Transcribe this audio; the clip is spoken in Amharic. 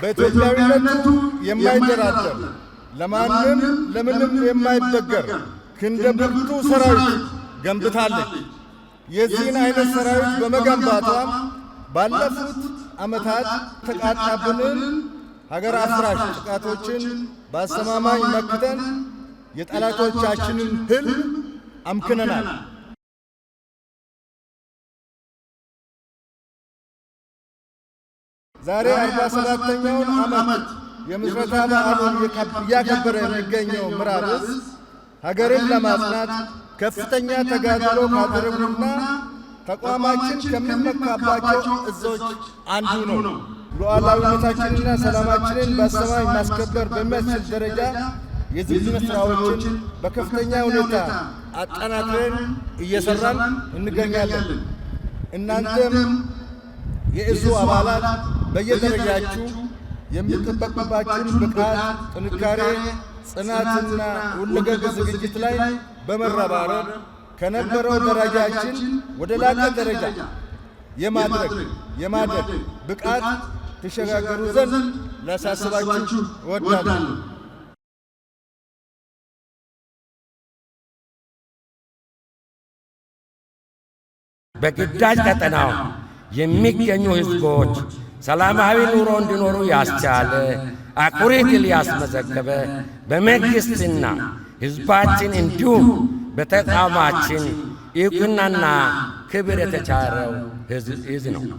በኢትዮጵያዊነቱ የማይደራደር ለማንም ለምንም የማይበገር ክንደ ብርቱ ሰራዊት ገንብታለች። የዚህን አይነት ሰራዊት በመገንባቷ ባለፉት ዓመታት ተቃጣብንን ሀገር አፍራሽ ጥቃቶችን በአስተማማኝ መክተን የጠላቶቻችንን ህልም አምክነናል። ዛሬ አርባ ሰባተኛውን ዓመት የምስረታ በዓሉን እያከበረ የሚገኘው ምዕራብ ሀገርን ለማጽናት ከፍተኛ ተጋድሎ ካደረጉና ተቋማችን ከሚመካባቸው እዞች አንዱ ነው። ሉዓላዊነታችንና ሰላማችንን በአስተማማኝ ማስከበር በሚያስችል ደረጃ የዝግጅት ሥራዎችን በከፍተኛ ሁኔታ አጠናክረን እየሰራን እንገኛለን። እናንተም የእዙ አባላት በየደረጃችሁ የሚጠበቅባችሁን ብቃት፣ ጥንካሬ፣ ጽናትና ሁለገብ ዝግጅት ላይ በመረባረብ ከነበረው ደረጃችን ወደ ላቀ ደረጃ የማድረግ የማደግ ብቃት ትሸጋገሩ ዘንድ ላሳስባችሁ እወዳለሁ። በግዳጅ ቀጠናው የሚገኙ ሕዝቦች ሰላማዊ ኑሮ እንዲኖሩ ያስቻለ አኩሪ ድል ያስመዘገበ በመንግሥትና ሕዝባችን እንዲሁም በተቋማችን ዕውቅናና ክብር የተቻረው ሕዝብ ነው።